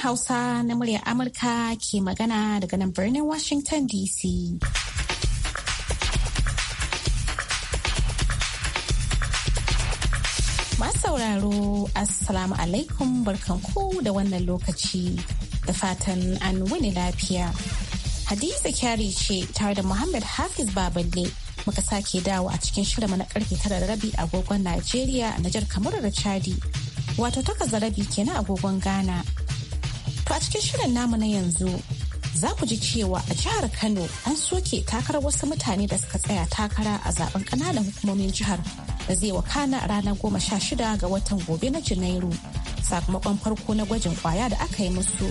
Hausa na muryar Amurka ke magana daga nan birnin Washington DC. sauraro Assalamu alaikum barkanku da wannan lokaci da fatan an wani lafiya. Hadiza kyari ce tare da Muhammad Hafiz Baballe muka sake dawo a cikin shirinmu na karfe tara da rabi agogon Najeriya, Najar Kamaru da Chadi. Wato takwas da rabi kenan agogon Ghana To a cikin shirin namu na yanzu za ku ji cewa a jihar Kano an soke takar wasu mutane da suka tsaya takara a zaben kananan hukumomin jihar da zai wakana a ranar goma sha shida ga watan gobe na Janairu sakamakon farko na gwajin kwaya da aka yi musu.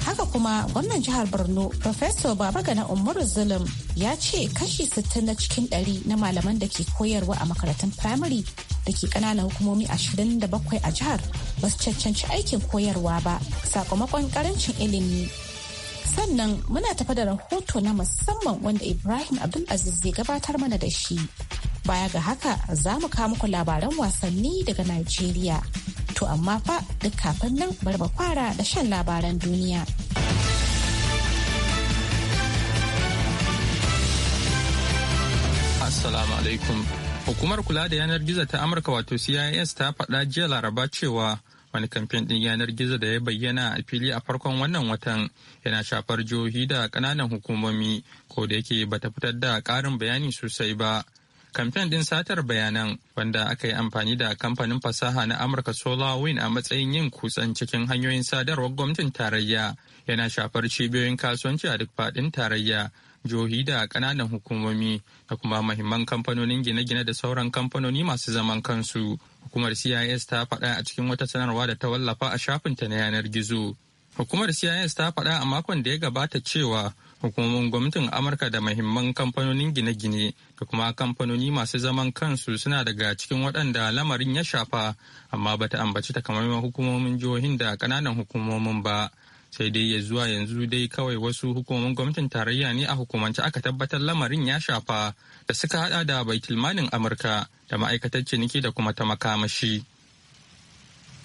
Haka kuma gwamnan jihar Borno Professor Babagana umar Zulum ya ce kashi sittin na cikin 100 na malaman da ke koyarwa a makarantun firamare da ke kananan hukumomi 27 a jihar ba su cancanci aikin koyarwa ba sakamakon karancin ilimi sannan muna tafa da rahoto na musamman wanda ibrahim abdulaziz zai gabatar mana da shi baya ga haka za mu kawo muku labaran wasanni daga najeriya to amma fa duk kafin nan bari mu fara da shan labaran duniya assalamu alaikum Hukumar kula da yanar gizo ta Amurka wato CIS ta faɗa jiya Laraba cewa wani kamfen ɗin yanar gizo da ya bayyana a fili a farkon wannan watan yana shafar jihohi da ƙananan hukumomi ko da yake bata fitar da ƙarin bayani sosai ba. Kamfen ɗin satar bayanan wanda aka yi amfani da kamfanin fasaha na Amurka SolarWind a matsayin yin kutsan cikin hanyoyin sadarwar gwamnatin tarayya yana shafar cibiyoyin kasuwanci a duk faɗin tarayya jihohi da kananan hukumomi da kuma mahimman kamfanonin gine-gine da sauran kamfanoni masu zaman kansu hukumar cis ta faɗa a cikin wata sanarwa da ta wallafa a shafinta na yanar gizo hukumar cis ta faɗa a makon da ya gabata cewa hukumomin gwamnatin amurka da mahimman kamfanonin gine-gine da kuma kamfanoni masu zaman kansu suna daga cikin waɗanda lamarin ya shafa amma bata ambaci takamaiman hukumomin jihohin da kananan hukumomin ba sai dai ya zuwa yanzu dai kawai wasu hukumomin gwamnatin tarayya ne a hukumance aka tabbatar lamarin ya shafa da suka hada da baitulmanin amurka da ma'aikatar ciniki da kuma ta makamashi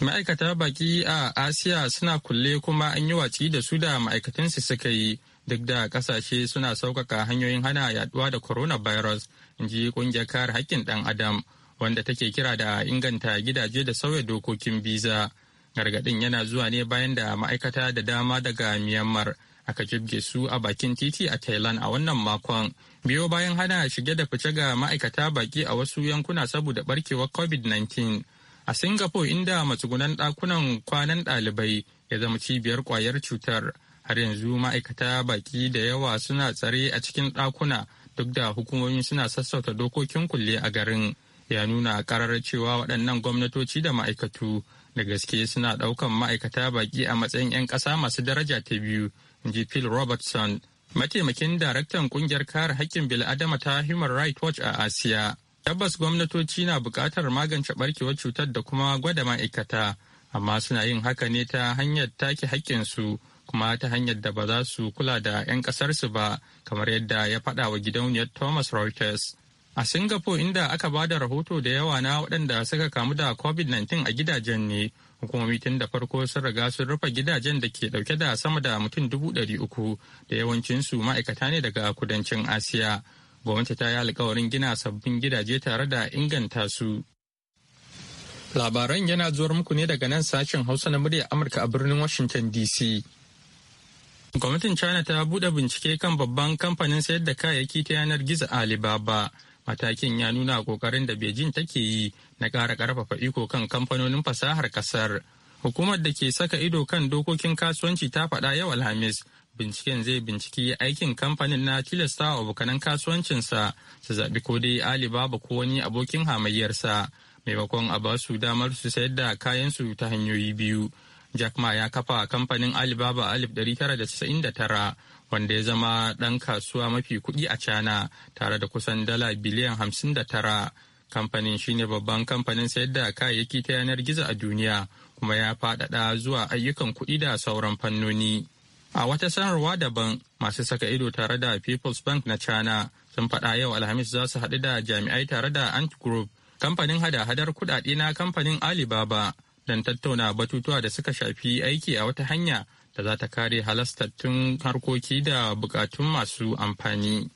ma'aikata baki a asiya suna kulle kuma an yi watsi da su da ma'aikatansu suka yi duk da kasashe suna sauƙaƙa hanyoyin hana yaduwa da coronavirus in ji kungiyar kare haƙƙin ɗan adam wanda take kira da inganta gidaje da sauya dokokin biza gargaɗin yana zuwa ne bayan da ma'aikata da dama daga myanmar aka jibge su a bakin titi a thailand a wannan makon biyo bayan hana shige da fice ga ma'aikata baki a wasu yankuna saboda barkewar covid-19 a singapore inda matsugunan ɗakunan kwanan ɗalibai ya zama cibiyar kwayar cutar har yanzu ma'aikata baki da yawa suna tsare a cikin ɗakuna duk da hukumomi suna sassauta dokokin kulle a garin ya nuna karar cewa waɗannan gwamnatoci da ma'aikatu da gaske suna ɗaukan ma'aikata baki a matsayin 'yan ƙasa masu daraja ta biyu ji phil robertson mataimakin daraktan kungiyar kare haƙƙin bil'adama ta human rights watch a asiya tabbas gwamnatoci na buƙatar magance barkewar cutar da kuma gwada ma'aikata amma suna yin haka ne ta hanyar take haƙƙinsu kuma ta hanyar da ba za su kula da 'yan ƙasarsu ba kamar yadda ya faɗa wa gidauniyar thomas reuters a singapore inda aka ba da rahoto da yawa na waɗanda suka kamu da covid-19 a gidajen ne hukumomi tun da farko sun riga sun rufe gidajen da ke ɗauke da sama da mutum dubu ɗari uku da yawancinsu ma'aikata ne daga kudancin asiya gwamnati ta yi alkawarin gina sabbin gidaje tare da inganta su labaran yana zuwar muku ne daga nan sashen hausa na murya amurka a birnin washington dc gwamnatin china ta buɗe bincike kan babban kamfanin sayar da kayayyaki ta yanar gizo alibaba Matakin ya nuna kokarin da Beijing take yi na ƙara ƙarfafa iko kan kamfanonin fasahar ƙasar. Hukumar da ke saka ido kan dokokin kasuwanci ta faɗa yau Alhamis binciken zai binciki aikin kamfanin na tilasta wa abokanan kasuwancinsa su zaɓi ko dai alibaba ko wani abokin hamayyarsa maimakon a ba su damar su sayar da kayansu ta hanyoyi biyu Jack Ma ya kafa kamfanin Alibaba a 1999 wanda ya zama ɗan kasuwa mafi kuɗi a China tare da kusan dala biliyan hamsin da tara Kamfanin shine babban kamfanin sayar da kayayyaki ta yanar gizo a duniya kuma ya faɗaɗa zuwa ayyukan kuɗi da sauran fannoni. A wata sanarwa daban masu saka ido tare da People's Bank na China sun faɗa yau Alhamis za su haɗu da jami'ai tare da Ant Group, kamfanin hada-hadar kuɗaɗe na kamfanin Alibaba don tattauna batutuwa da suka shafi aiki a wata hanya da za ta kare halastattun harkoki da bukatun masu amfani.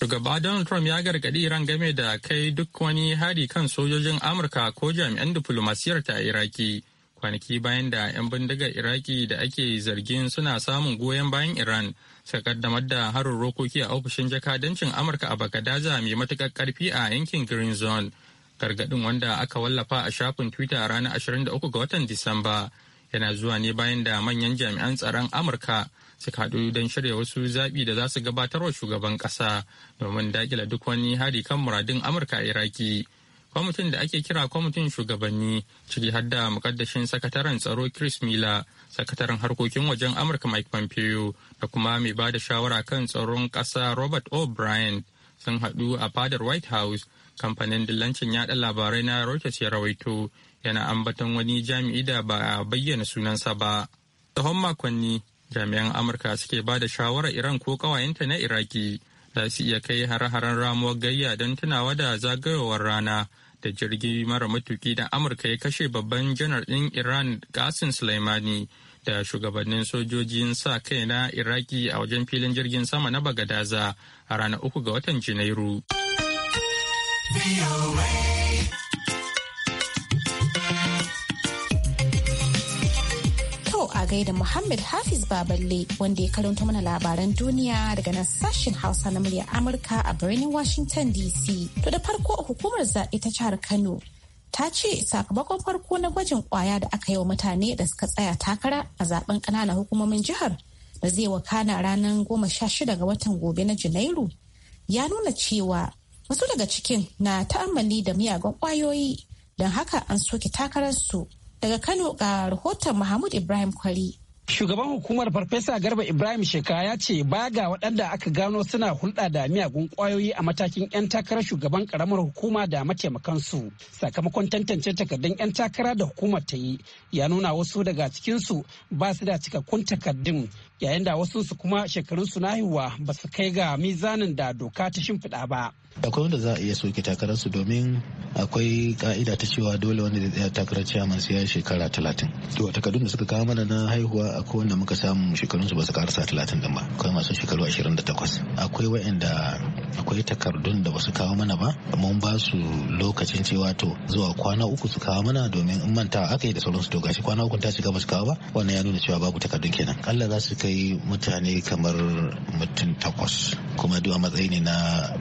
Shugaba Donald Trump ya gargaɗi Iran game da kai duk wani hari kan sojojin Amurka ko jami'an diflomasiyar ta Iraki kwanaki bayan da 'yan bindigar Iraki da ake zargin suna samun goyon bayan Iran suka kaddamar da harin rokoki a ofishin jakadancin Amurka a Bagadaza mai matuƙar ƙarfi a yankin Green Zone gargadin wanda aka wallafa a shafin Twitter a ranar 23 ga watan Disamba yana zuwa ne bayan da manyan jami'an tsaron Amurka suka haɗu don shirya wasu zaɓi da za su gabatar wa shugaban ƙasa domin daƙila duk wani hari kan muradin Amurka a Iraki. Kwamitin da ake kira kwamitin shugabanni ciki har da mukaddashin sakataren tsaro Chris Miller, sakataren harkokin wajen Amurka Mike Pompeo da kuma mai ba da shawara kan tsaron ƙasa Robert O'Brien sun haɗu a fadar White House kamfanin dillancin yada labarai na Reuters ya rawaito yana ambaton wani jami'i da ba a bayyana sunansa ba. Tsawon makonni jami'an Amurka suke ba da shawarar Iran ko kawayenta na Iraki za su iya kai har-haren ramuwar gayya don tunawa da zagayowar rana da jirgi mara matuki da Amurka ya kashe babban janar ɗin Iran Qasim sulaimani da shugabannin sojojin sa kai na Iraki a wajen filin jirgin sama na Bagadaza a ranar uku ga watan Janairu. To a gaida Muhammad Hafiz Baballe wanda ya karanta mana labaran duniya daga nan sashen Hausa na muryar Amurka a birnin Washington DC. To da farko hukumar zaɓe ta jihar Kano ta ce sakamakon farko na gwajin kwaya da aka yi wa mutane da suka tsaya takara a zaben ƙananan hukumomin jihar da zai wakana ranar goma sha shida ga watan gobe na Janairu ya nuna cewa wasu daga cikin na ta'ammali da miyagun kwayoyi don haka an soke takararsu daga kano ga rahoton mahmud ibrahim kwari Shugaban hukumar Farfesa Garba Ibrahim Sheka ya ce ba ga waɗanda aka gano suna hulɗa da miyagun ƙwayoyi a matakin 'yan takarar shugaban ƙaramar hukuma da mataimakansu. Sakamakon tantance takardun 'yan takara da hukumar ta yi ya nuna wasu daga cikinsu ba su da cikakkun takardun yayin da wasu su kuma shekarun su na haihuwa ba su kai ga mizanin da doka ta shimfiɗa ba. akwai wanda za a iya soke takarar su domin akwai ka'ida ta cewa dole wanda zai tsaya takarar ciyaman sai ya shekara talatin to a takardun da suka kawo mana na haihuwa akwai wanda muka samu shekarunsu ba su karasa talatin din ba akwai masu shekaru ashirin da takwas akwai wa'inda akwai takardun da ba su kawo mana ba mun ba su lokacin cewa to zuwa kwana uku su kawo mana domin in manta aka yi da sauransu to gashi kwana uku ta shiga ba su kawo ba wannan ya nuna cewa babu takardun kenan Allah za su kai mutane kamar mutum takwas kuma duk a matsayi ne na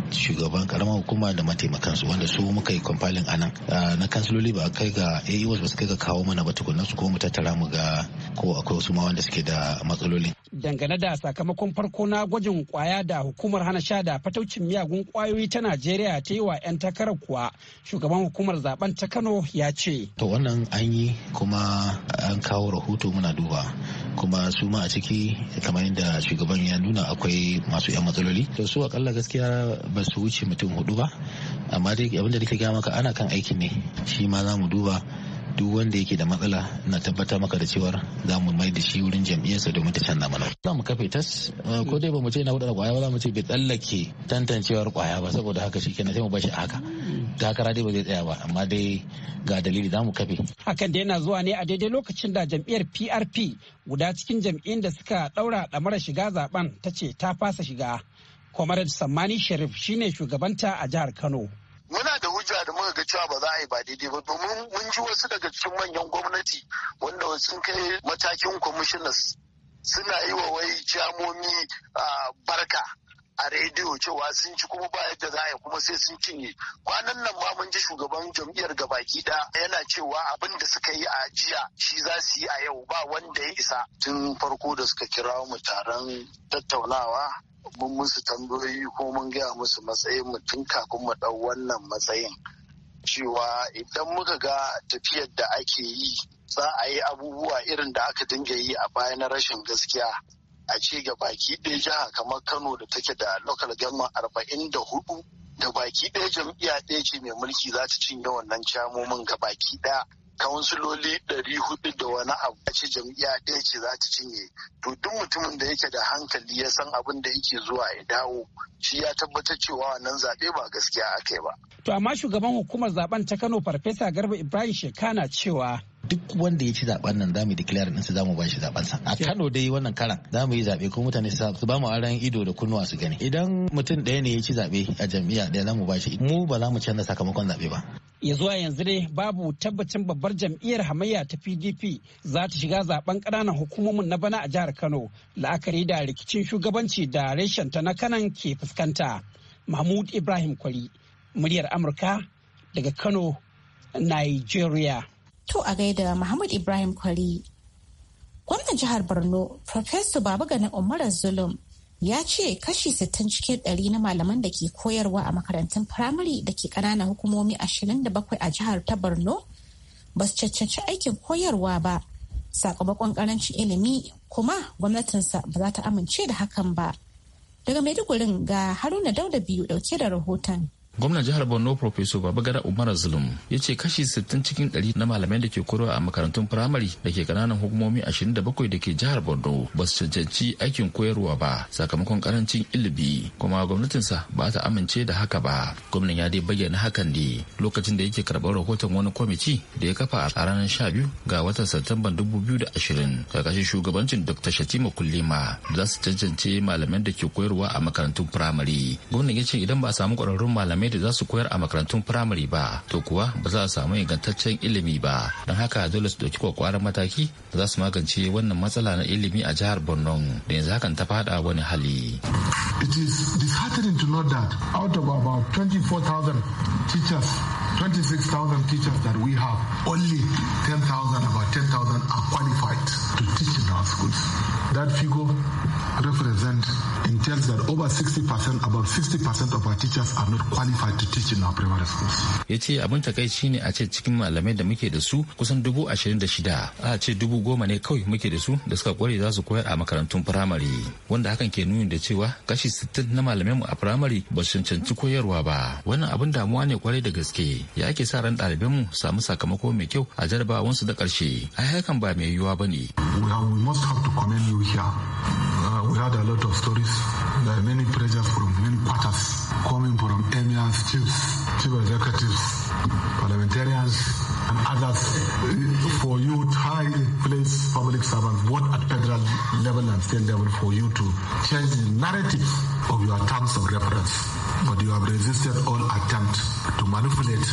shugaban karamar hukuma da mataimakansu wanda su muka yi kwamfalin anan na kansiloli ba kai ga aiwas e ba su kai ga kawo mana ba tukuna su ko mu tattara mu ga ko akwai wasu ma wanda suke da matsalolin dangane da sakamakon farko na gwajin kwaya da hukumar hana sha da fataucin miyagun kwayoyi ta najeriya ta yi wa 'yan takarar kuwa shugaban hukumar zaben ta kano ya ce to wannan an yi kuma an kawo rahoto muna duba kuma su ma a ciki kamar yadda shugaban ya nuna akwai masu 'yan matsaloli to su akalla gaskiya ba su wuce mutum hudu ba amma dai abinda da ke gaya maka ana kan aikin ne shi ma za mu duba duk wanda yake da matsala na tabbatar maka da cewar za mu mai da shi wurin jam'iyyarsa domin ta canza mana za mu kafe tas eh, ko dai ba mu ce na hudu da kwaya ba za mu ce bai tsallake tantancewar kwaya ba saboda haka shi kenan sai mu bashi haka takara dai ba zai tsaya ba amma dai ga dalili za mu kafe hakan da yana zuwa ne a daidai lokacin da jam'iyyar PRP guda cikin jam'iyyun da suka daura ɗamarar shiga zaben ta ce ta fasa shiga Comrade Sammani Sharif shine shugabanta a jihar Kano. cewa ba za a yi ba daidai ba domin mun ji wasu daga cikin manyan gwamnati wanda sun kai matakin commissioners suna yi wa wai jamomi barka a rediyo cewa sun ci kuma ba yadda za a yi kuma sai sun cinye kwanan nan ma mun ji shugaban jam'iyyar gabaki da yana cewa abin da suka yi a jiya shi za su yi a yau ba wanda ya isa tun farko da suka kira mu taron tattaunawa mun musu tambayoyi ko mun gaya musu matsayin mu tun kafin mu ɗau wannan matsayin cewa idan muka ga tafiyar da ake yi za a yi abubuwa irin da aka dinga yi a baya na rashin gaskiya a ce ga baki ɗaya jiha kamar kano da take da local government arba'in da hudu da baki ɗaya jam'iyya ɗaya ce mai mulki za ta cinye wannan camomin ga baki ɗaya kawansiloli ɗari hudu da wani abu a ce jam'iyya ɗaya ce za ta cinye to duk mutumin da yake da hankali ya san abin da yake zuwa ya dawo shi ya tabbatar cewa wannan zaɓe ba gaskiya aka yi ba. to amma shugaban hukumar zaben ta kano farfesa garba ibrahim shekana cewa duk wanda ya ci zaben nan zamu declare din su zamu ba shi zaben sa a Kano dai wannan karan zamu yi zabe ko mutane su ba mu aran ido da kunnuwa su gani idan mutum ɗaya ne ya ci zabe a jam'iyya ɗaya zamu ba shi mu ba za mu canza sakamakon zaɓe ba ya zuwa yanzu dai babu tabbacin babbar jam'iyyar hamayya ta pdp za ta shiga zaben ƙananan hukumomin na bana a jihar kano la'akari da rikicin shugabanci da reshen ta na kanan ke fuskanta mahmud ibrahim kwari muryar amurka daga kano nigeria to a gaida mahmud ibrahim kwari gwamnan jihar borno professor ganin umarar zulum ya ce kashi 60 cikin dari na malaman da ke koyarwa a makarantun firamare da ke ƙananan hukumomi 27 a jihar ta borno ba su cancanci aikin koyarwa ba sakamakon ƙarancin ilimi kuma gwamnatinsa ba za ta amince da hakan ba daga maidugurin ga haruna dauda biyu dauke da rahoton gwamnan jihar borno professor babagada umar zulum ya ce kashi 60 cikin 100 na malamai da ke koyarwa a makarantun firamare da ke kananan hukumomi 27 da ke jihar borno ba su cancanci aikin koyarwa ba sakamakon karancin ilimi kuma gwamnatinsa ba ta amince da haka ba gwamnan ya dai bayyana hakan ne lokacin da yake karɓar rahoton wani kwamiti da ya kafa a ranar 12 ga watan satumban 2020 karkashin shugabancin dr shatima kullima za su cancanci malamai da ke koyarwa a makarantun firamare gwamnan ya ce idan ba a samu ƙwararrun malamai malamai da za su koyar a makarantun firamare ba to kuwa ba za a samu ingantaccen ilimi ba don haka dole su ɗauki kwakwaran mataki da za su magance wannan matsala na ilimi a jihar borno da yanzu hakan ta fada wani hali. it is disheartening to know that out of about 24,000 teachers 26,000 teachers that we have, only 10,000, about 10,000 are qualified to teach in our schools. That figure represents entails that over 60%, about 60% of our teachers are not qualified to teach in our primary schools. Ya ce abin takaici ne a ce cikin malamai da muke da su kusan dubu ashirin da shida, a ce dubu goma ne kawai muke da su da suka kware za su koyar a makarantun firamare, wanda hakan ke nuni da cewa kashi sittin na malamai mu a firamare ba su cancanci koyarwa ba. Wannan abin damuwa ne kwarai da gaske. ya ake sa ran ɗalibanmu samu sakamako mai kyau a jarabawansu da ƙarshe ai hakan ba mai yiwuwa ba ne. we must have to commend you here. Uh, we had a lot of stories. There are many pressures from many quarters coming from emirs, chiefs, chief executives, parliamentarians, and others for you high place public servants both at federal level and state level for you to change the narrative of your terms of reference. But you have resisted all attempt to manipulate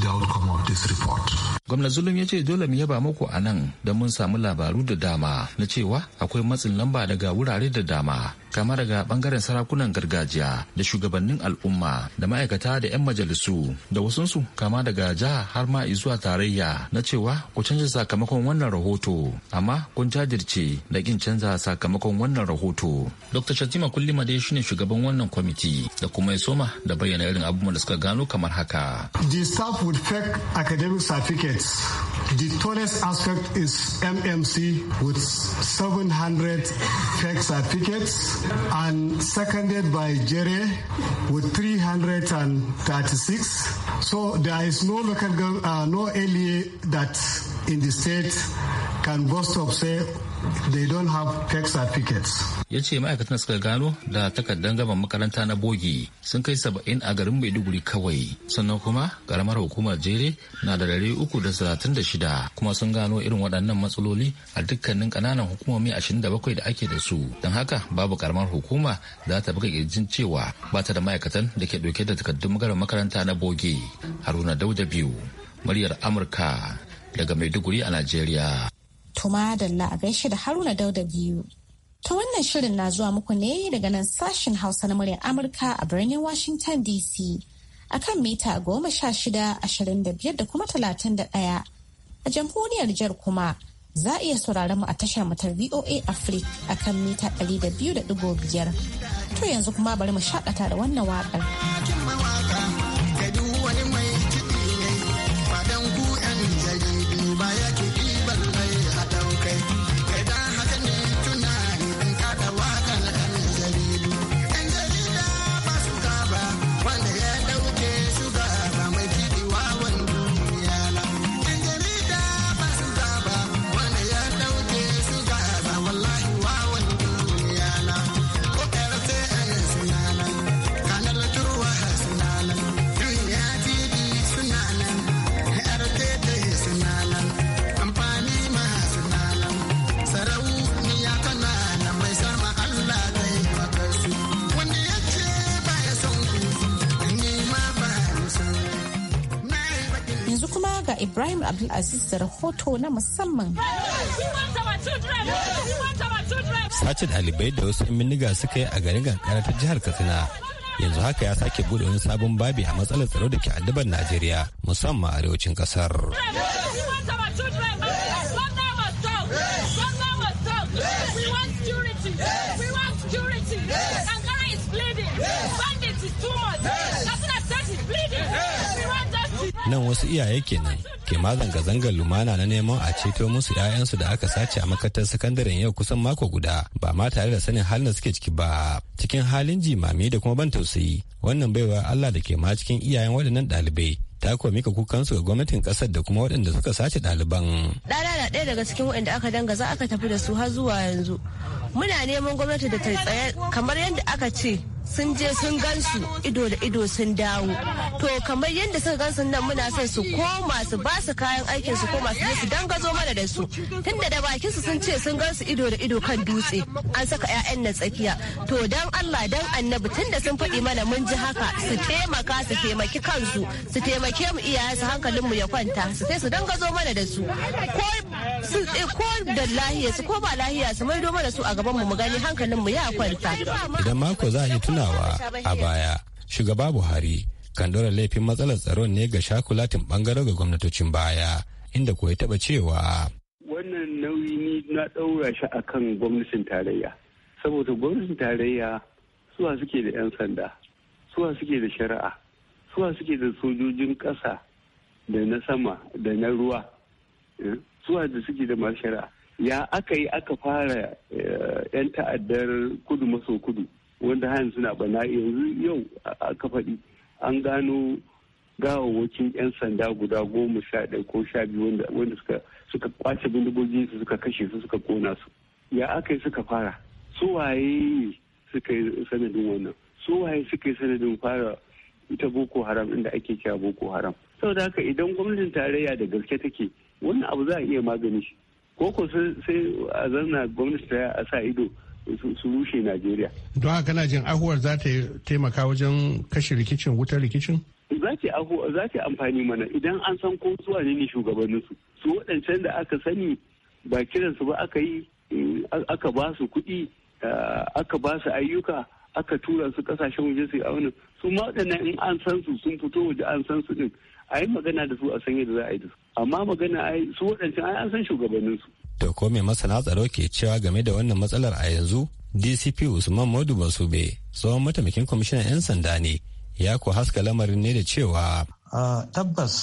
the outcome of this report. Gwamna Zulum ya ce dole mu yaba muku a nan da mun samu labaru da dama na cewa akwai matsin lamba daga wurare da dama kama daga bangaren sarakunan gargajiya da shugabannin al'umma da ma'aikata da 'yan majalisu da wasunsu kama daga jiha har ma zuwa tarayya na cewa ku canza sakamakon wannan rahoto amma kun jajirce da kin canza sakamakon wannan rahoto dr shatima kullima dai shine shugaban wannan kwamiti da kuma ya soma da bayyana irin abubuwan da suka gano kamar haka the staff would fake academic certificates The tallest aspect is MMC with 700 fake certificates and seconded by Jere with 336. So there is no local, uh, no LEA that in the state can boast of say they don't have tech certificates. Ya ce ma'aikatan suka gano da takardar gaban makaranta na bogi sun kai saba'in a garin Maiduguri kawai. Sannan kuma karamar hukumar jere na da dare uku da salatin da shida shida kuma sun gano irin waɗannan matsaloli a dukkanin ƙananan hukumomi ashirin da bakwai da ake da su don haka babu karamar hukuma za ta buga kirjin cewa ba ta da ma'aikatan da ke ɗauke da takardun magana makaranta na boge haruna dauda biyu muryar amurka daga maiduguri a najeriya tuma la a gaishe da haruna dauda biyu ta wannan shirin na zuwa muku ne daga nan sashen hausa na muryar amurka a birnin washington dc akan mita goma sha shida ashirin da biyar da kuma talatin da ɗaya A jamhuriyar Nijar kuma za a iya sauraron mu a tashar matar VOA Africa a kan mita 200.5. To yanzu kuma bari mu shakata da wannan waƙar. Ibrahim Abdulaziz da rahoto na musamman. Sace ɗalibai da wasu 'yan niga suka yi a garin kankara ta jihar Katsina yanzu haka ya sake buɗe wani sabon babi a matsalar tsaro da ke addabar Najeriya musamman arewacin ƙasar. nan wasu iyaye kenan ke ma zanga-zangar lumana na neman a ceto musu 'ya'yansu da aka sace a makatar sakandaren yau kusan mako guda ba ma tare da sanin halin da suke ciki ba cikin halin jimami da kuma ban tausayi wannan baiwa Allah da ke ma cikin iyayen waɗannan ɗalibai ta kuwa mika kukansu ga gwamnatin kasar da kuma waɗanda suka sace ɗaliban. Ɗana na ɗaya daga cikin waɗanda aka danga za aka tafi da su har zuwa yanzu. Muna neman gwamnati da ta tsaye kamar yadda aka ce sun je sun gansu ido da ido sun dawo to kamar yadda suka gansu nan muna son su koma su ba su kayan aikin su koma su su su dangazo mana da su tunda da bakin su sun ce sun gansu ido da ido kan dutse an saka ƴaƴan na tsakiya to dan Allah dan annabi tunda sun faɗi mana mun ji haka su taimaka su taimaki kansu su taimake mu iyaye su hankalin mu ya kwanta su sai su dangazo mana da su ko eh, ko da lahiya su ko ba lahiya su maido mana su a gaban mu mu gani hankalin mu ya kwanta idan mako za a yi tuna tunawa a baya shugaba buhari kan dora laifin matsalar tsaron ne ga shakulatin bangare ga gwamnatocin baya inda kuwa ya taɓa cewa wannan nauyi ni na ɗaura shi a kan gwamnatin tarayya saboda gwamnatin tarayya suwa suke da 'yan sanda suwa suke da shari'a suwa suke da sojojin ƙasa da na sama da na ruwa eh, suwa da suke da masu shari'a ya aka yi aka fara eh, 'yan ta'addar kudu maso kudu wanda hayan suna bana yanzu yau aka faɗi an gano gawawwakin 'yan sanda guda goma sha ɗaya ko sha biyu wanda suka kwace bindigogi su suka kashe su suka kona su ya aka yi suka fara su waye suka yi sanadin wannan su waye suka yi sanadin fara ita boko haram inda ake kira boko haram saboda haka idan gwamnatin tarayya da gaske take wannan abu za a iya magani shi ko ko sai a zanna gwamnati ta a sa ido su rushe najeriya don haka na jin ahuwar za ta taimaka wajen kashe rikicin wutar rikicin za ta amfani mana idan an san ko zuwa ne ne shugabanninsu su waɗancan da aka sani ba kiransu ba aka yi eh, aka ba su kuɗi eh, aka ba su ayyuka aka tura su kasashen waje su yi wani su ma waɗannan in an san su sun fito waje an san su din a yi magana da su a san yadda za a yi da su amma magana a su waɗancan an san shugabanninsu. To ko mai masana tsaro ke cewa game da wannan matsalar a yanzu? DCP Usman Modu Basube tsohon mataimakin kwamishinan 'yan sanda ne ya ku haska lamarin ne da cewa. tabbas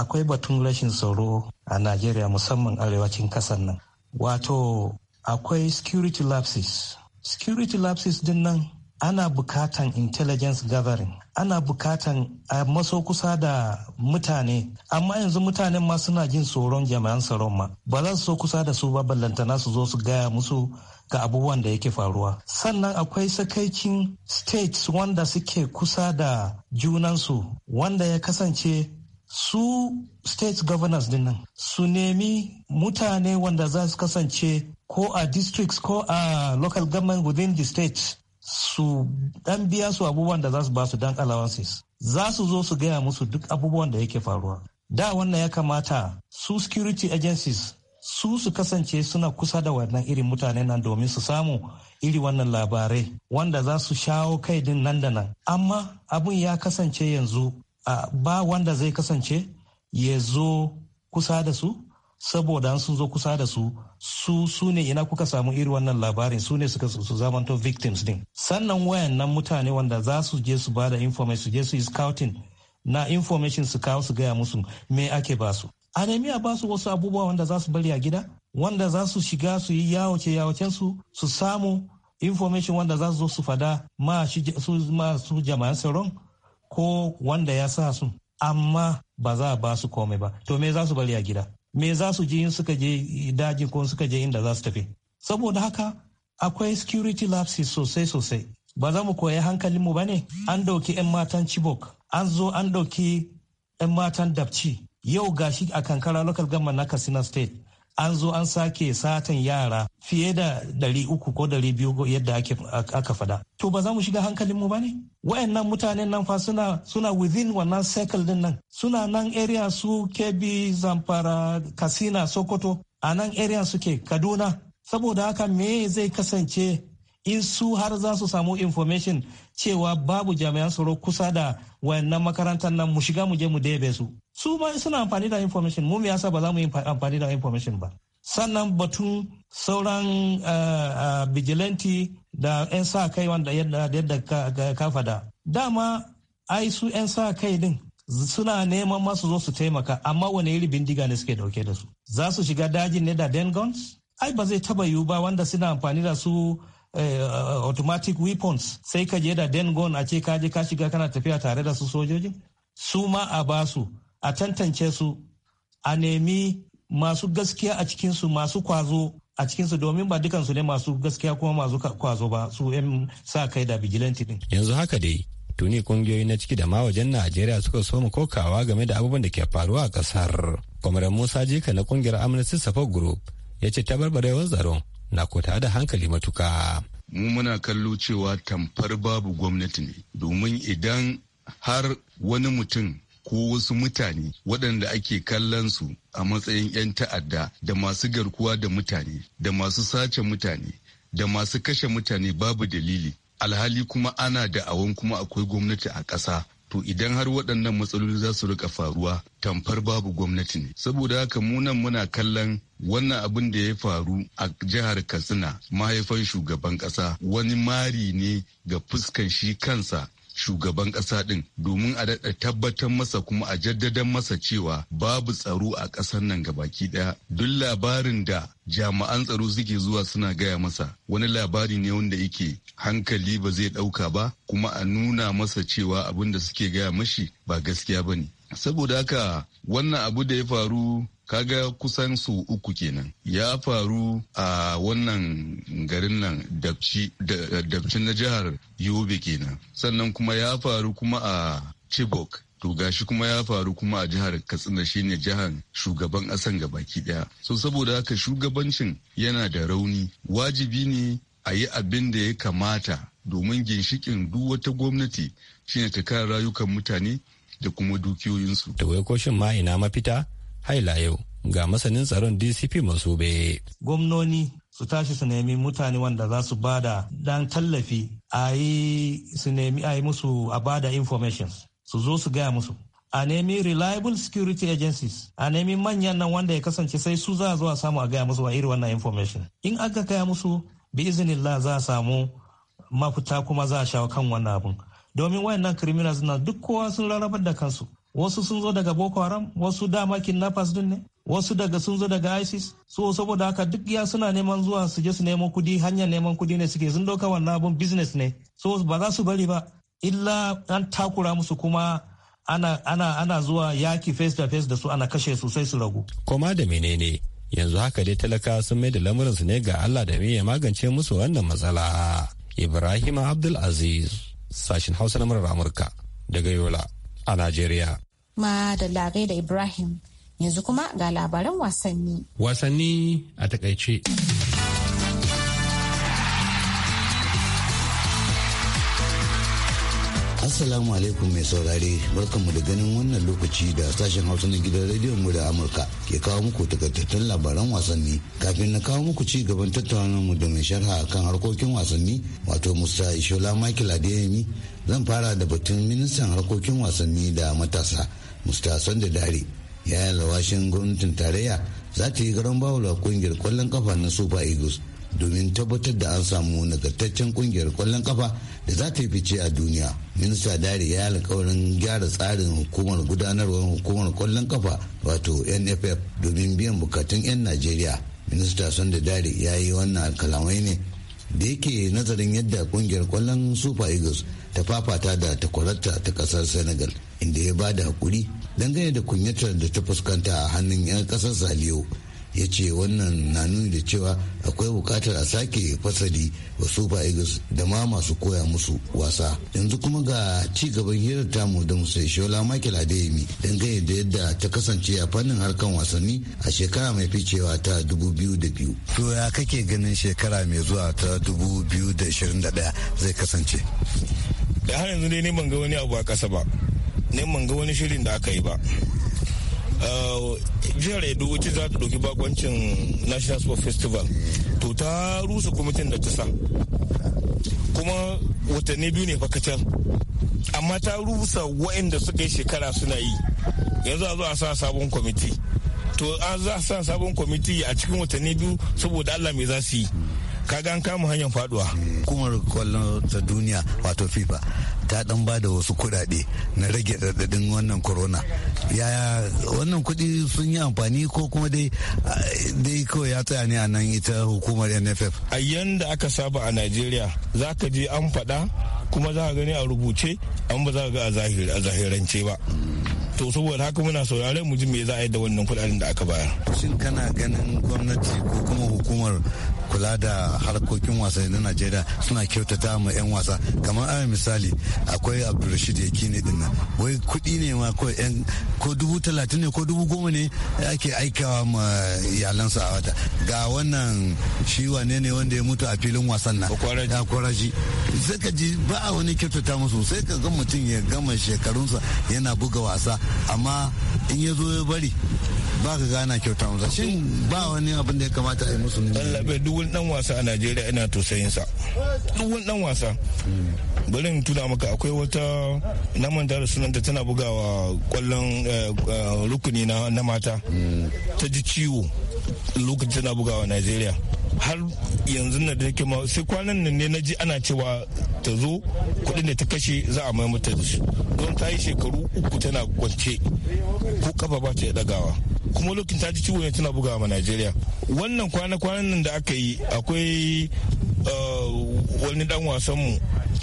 akwai batun rashin tsaro a Najeriya musamman arewacin kasar nan. Wato akwai security lapses. Security lapses din nan ana bukatan intelligence gathering ana bukatan a maso kusa da mutane amma yanzu mutanen ma suna jin tsoron jami'an tsaron ma ba za su so kusa da su ba ballantana su zo su gaya musu ga abubuwan da yake faruwa sannan akwai sakaicin states wanda suke kusa da junansu wanda ya kasance su state governors dinnan su nemi mutane wanda za su kasance ko a districts ko a local government within the state su dan biya su abubuwan da za su ba su dan allowances za su zo su gaya musu duk abubuwan da yake faruwa da wannan ya kamata su security agencies su su kasance suna kusa da wannan irin mutane nan domin su samu iri wannan labarai wanda za su shawo kai din nan da nan amma abun ya kasance yanzu ba wanda zai kasance ya zo kusa da su saboda an sun zo kusa da su su su ne ina kuka samu irin wannan labarin su ne suka su zamanto victims din sannan wayan nan mutane wanda za su je su ba da information su je su scouting na information su kawo su gaya musu me ake ba su anemia ba su wasu abubuwa wanda za su bari a gida wanda za su shiga su yi yawace yawacen su su samu information wanda za su zo su fada ma su jama'an tsaron ko wanda ya sa su amma ba za a ba su komai ba to me za su bari a gida me za su ji suka je daji ko suka je inda za su tafi saboda haka akwai security lapses sosai sosai ba za mu koyi mu ba ne an ɗauki 'yan matan chibok an zo an ɗauki 'yan matan dabci yau gashi a kankara local government na katsina state an zo an sake satan yara fiye da ɗari ko ɗari biyu yadda aka fada. To ba za mu shiga hankalin mu ba ne? Wa'annan mutanen nan fa suna suna within wannan circle din nan. Suna nan area su Kebbi, Zamfara, Katsina, Sokoto. A nan area suke Kaduna. Saboda haka me zai kasance in su har za su samu information cewa babu jami'an tsaro kusa da wayannan makarantar nan mu shiga mu je mu debe su su ma suna amfani da information mu yasa ba za mu yi amfani da information ba sannan batun sauran eh, eh, vigilante da 'yan sa kai wanda yadda ka fada dama ai su 'yan sa kai din suna neman masu zo su taimaka amma wani iri bindiga ne suke dauke da su za su shiga dajin ne da den ai ba zai taba yiwu ba wanda suna amfani da su Eh, automatic weapons sai ka je da dengon a ce ka je ka shiga kana tafiya tare da su sojojin su ma a basu a tantance su a nemi masu gaskiya a cikinsu masu kwazo a cikinsu domin ba su ne masu gaskiya kuma masu kwazo ba su yan sa kai da vigilante din. Yanzu haka dai tuni kungiyoyi na ciki da ma wajen Najeriya suka soma kokawa game da abubuwan da ke faruwa a kasar. Kwamaran Musa Jika na kungiyar Amnesty Support Group ya ce tabarbarewar tsaron na kwata da hankali matuka. Mu muna kallo cewa tamfar babu gwamnati ne domin idan har wani mutum ko wasu mutane waɗanda ake kallon su a matsayin 'yan ta'adda da masu garkuwa da mutane da masu sace mutane da masu kashe mutane babu dalili alhali kuma ana da awon kuma akwai gwamnati a ƙasa to idan har waɗannan matsaloli za su rika faruwa tamfar babu gwamnati ne saboda haka munan muna kallon wannan abin da ya faru a jihar katsina mahaifan shugaban ƙasa wani mari ne ga fuskan shi kansa shugaban ƙasa ɗin domin a daɗa tabbatar masa kuma a jaddadan masa cewa babu tsaro a ƙasar nan ga baki ɗaya duk labarin da jami'an tsaro suke zuwa suna gaya masa wani labari ne wanda yake hankali ba zai ɗauka ba kuma a nuna masa cewa abin da suke gaya mashi ba gaskiya ba ne saboda haka wannan abu da ya faru kaga kusan su uku kenan ya faru a wannan garin nan dabci na jihar yobe kenan sannan kuma ya faru kuma a chibok to gashi kuma ya faru kuma a jihar katsina shine jihar shugaban asan gabaki daya so saboda haka shugabancin yana da rauni wajibi ne a yi abin da ya kamata domin ginshikin duk wata gwamnati shine ta kare rayukan mutane da kuma dukiyoyinsu. Da wai ko shin ma ina mafita? haila yau ga masanin tsaron dcp masube gwamnoni su tashi su nemi mutane wanda za su bada dan tallafi a yi su nemi a yi musu a bada information su zo su gaya musu a nemi reliable security agencies a nemi manyan nan wanda ya kasance sai su za zuwa samu a gaya musu a iri wannan information in aka gaya musu bi la za a samu mafita kuma za a shawo kan wannan abun domin wayannan criminals na duk kowa sun rarrabar da kansu wasu sun zo daga boko haram wasu dama kidnappers din ne wasu daga sun zo daga isis so saboda haka duk ya suna neman zuwa su je su nemo kudi hanyar neman kudi ne suke sun dauka wannan abun business ne so ba za su bari ba illa an takura musu kuma ana ana ana zuwa yaki face to face da su ana kashe su sai su ragu koma da menene yanzu haka dai talaka sun mai da lamurin su ne ga Allah da ya magance musu wannan matsala Ibrahim Abdul Aziz sashin Hausa na Amurka daga Yola a Najeriya. Madalla da Ibrahim yanzu kuma ga labaran wasanni. Wasanni a takaice. Assalamu alaikum mai saurare barkanmu da ganin wannan lokaci da sashen hausa na gidan rediyon mu da Amurka ke kawo muku takaitattun labaran wasanni kafin na kawo muku ci gaban tattaunawar mu da mai sharha kan harkokin wasanni wato Musa Ishola Michael Adeyemi zan fara da batun ministan harkokin wasanni da matasa Musta Sanda Dare ya lawashin gwamnatin tarayya za ta yi garan bawula kungiyar kwallon kafa na Super Eagles domin tabbatar da an samu nagartaccen kungiyar kwallon kafa da za ta yi fice a duniya minista dare ya alkawarin gyara tsarin hukumar gudanarwar hukumar kwallon kafa wato nff domin biyan bukatun 'yan najeriya minista da dare ya yi wannan kalamai ne da yake nazarin yadda kungiyar kwallon super eagles ta fafata da takwararta ta kasar senegal inda ya ba da hakuri dangane da kunyatar da ta fuskanta a hannun 'yan kasar saliyo ya ce wannan na nuni da cewa akwai bukatar a sake fasali wa super eagles da ma masu koya musu wasa yanzu kuma ga ci gaban hirar tamu da musa shola michael adeyemi dangane da yadda ta kasance a fannin harkan wasanni a shekara mai ficewa ta 2002 to ya kake ganin shekara mai zuwa ta 2021 zai kasance da har yanzu dai ne ban ga wani abu a kasa ba ne ga wani shirin da aka yi ba jihar edo wacce za ta ɗauki bakoncin national sport festival to ta rusa kwamitin da ta sa kuma watanni biyu ne bakacin amma ta rusa wa'inda suka yi shekara suna yi yanzu a zo a sa sabon kwamiti to a za a sa sabon kwamiti a cikin watanni biyu saboda allah mai za su yi kaga an kama hanyar faduwa. hukumar kwallon ta duniya wato fifa ta dan ba da wasu kuɗaɗe na rage raɗaɗin wannan corona yaya wannan kuɗi sun yi amfani ko kuma dai dai kawai ya tsaya ne a nan ita hukumar nff a yanda aka saba a najeriya za ka je an faɗa kuma za ka gani a rubuce an ba za ka ga a zahirance ba to saboda haka muna sauraren mu ji me za a yi da wannan kudaden da aka bayar shin kana ganin gwamnati ko kuma hukumar kula da harkokin wasanni na najeriya suna kyautata ma 'yan wasa kamar a misali akwai abdulrashid yakini din nan wai kuɗi ne ma ko yan ko dubu talatin ne ko dubu goma ne ake aikawa ma iyalan a wata ga wannan shi wane ne wanda ya mutu a filin wasan nan ya kwaraji sai ka ji ba a wani kyautata musu sai ka ga mutum ya gama shekarunsa yana buga wasa amma in ya zo ya bari ba ka gana kyauta musu shin ba wani abin da ya kamata a yi musu ne duwun dan wasa a najeriya ina tausayin sa duk wani dan wasa bari in tuna maka akwai wata na manta da sunanta tana bugawa kwallon eh, eh, rukuni na mata ta ji ciwo lokacin tana bugawa najeriya har yanzu na da ke sai kwanan nan ne na ji ana cewa ta zo kuɗin da ta kashe za a mai mata da shi don ta yi shekaru uku tana kwance ko kafa ba ta dagawa kuma lokacin ta ji ciwo ne tana bugawa ma najeriya wannan kwana-kwanan nan da aka yi akwai eh, wani dan wasanmu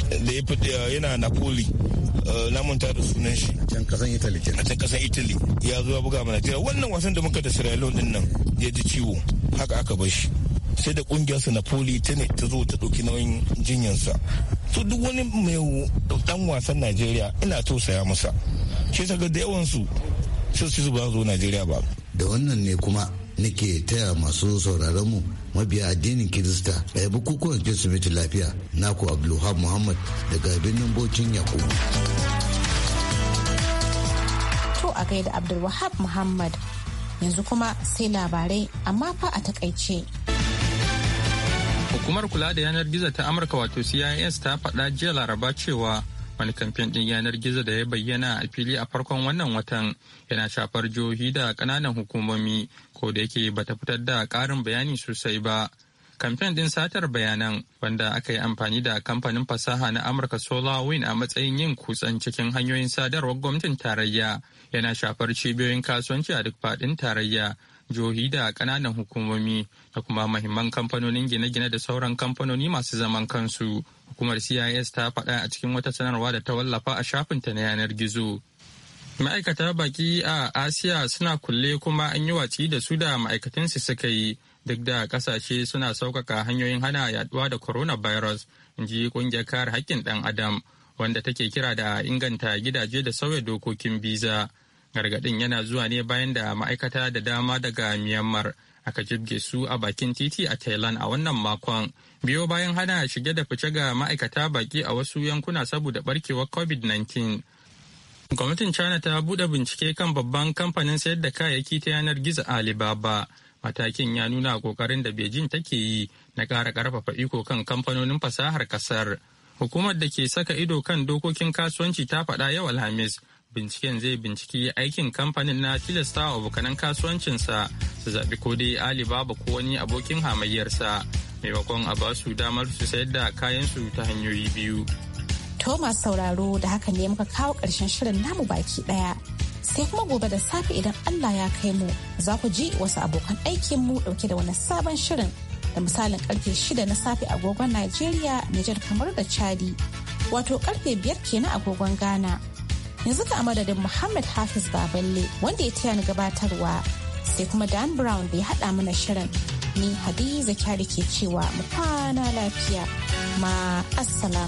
da ya fita yana napoli eh, na manta da sunan shi a can kasan italy a can kasan italy ya zo ya buga mana najeriya wannan wasan da muka da sierra leone din nan ya ji ciwo haka aka bar shi sai da kungiyar na poli ta ne ta zo ta dauki nauyin jinyarsa to duk wani mai dan wasan najeriya ina tausaya masa shi saka da yawansu sai su ba zo najeriya ba da wannan ne kuma nake taya masu sauraron mu mabiya addinin kirista ɗaya bukukuwan kirsimeti lafiya naku abdulhab muhammad daga birnin bocin yakubu to a gaida abdulwahab muhammad yanzu kuma sai labarai amma fa a takaice. hukumar kula da yanar gizo ta amurka wato cis ta faɗa jiya laraba cewa wani kamfen ɗin yanar gizo da ya bayyana a fili a farkon wannan watan yana shafar jihohi da ƙananan hukumomi ko da yake bata fitar da ƙarin bayani sosai ba kamfen ɗin satar bayanan wanda aka yi amfani da kamfanin fasaha na amurka solarwind a matsayin yin kutsan cikin hanyoyin sadarwar gwamnatin tarayya yana shafar cibiyoyin kasuwanci a duk faɗin tarayya jihohi da ƙananan hukumomi da kuma mahimman kamfanonin gine-gine da sauran kamfanoni masu zaman kansu hukumar cis ta faɗa a cikin wata sanarwa da ta wallafa a shafinta na yanar gizo ma'aikata baki a asiya suna kulle kuma an yi watsi da su da ma'aikatansu suka yi duk da kasashe suna sauƙaƙa hanyoyin hana yaduwa da coronavirus in ji ƙungiyar kare haƙƙin ɗan adam wanda take kira da inganta gidaje da sauya dokokin biza gargaɗin yana zuwa ne bayan da ma'aikata da dama daga myanmar aka jibge su a bakin titi a thailand a wannan makon biyo bayan hana shige da fice ga ma'aikata baki a wasu yankuna saboda barkewar covid-19 gwamnatin china ta buɗe bincike kan babban kamfanin sayar da kayayyaki ta yanar gizo alibaba matakin ya nuna kokarin da beijing take yi na ƙara ƙarfafa iko kan kamfanonin fasahar ƙasar hukumar da ke saka ido kan dokokin kasuwanci ta faɗa yau alhamis binciken zai binciki aikin kamfanin na tilasta wa abokanan kasuwancinsa su zaɓi ko dai alibaba ko wani abokin hamayyarsa maimakon a basu damar su sayar da kayansu ta hanyoyi biyu. Thomas sauraro da haka ne muka kawo ƙarshen shirin namu baki ɗaya. Sai kuma gobe da safe idan Allah ya kai mu za ku ji wasu abokan aikin mu ɗauke da wani sabon shirin da misalin karfe shida na safe agogon Najeriya, Nijar kamar da Chadi. Wato karfe biyar kenan agogon Ghana. yanzu ta a madadin Muhammad Hafiz Baballe wanda ya taya ni gabatarwa sai kuma Dan Brown bai ya haɗa mana shirin ni Hadiza Kyari ke cewa mu kwana lafiya ma assalam.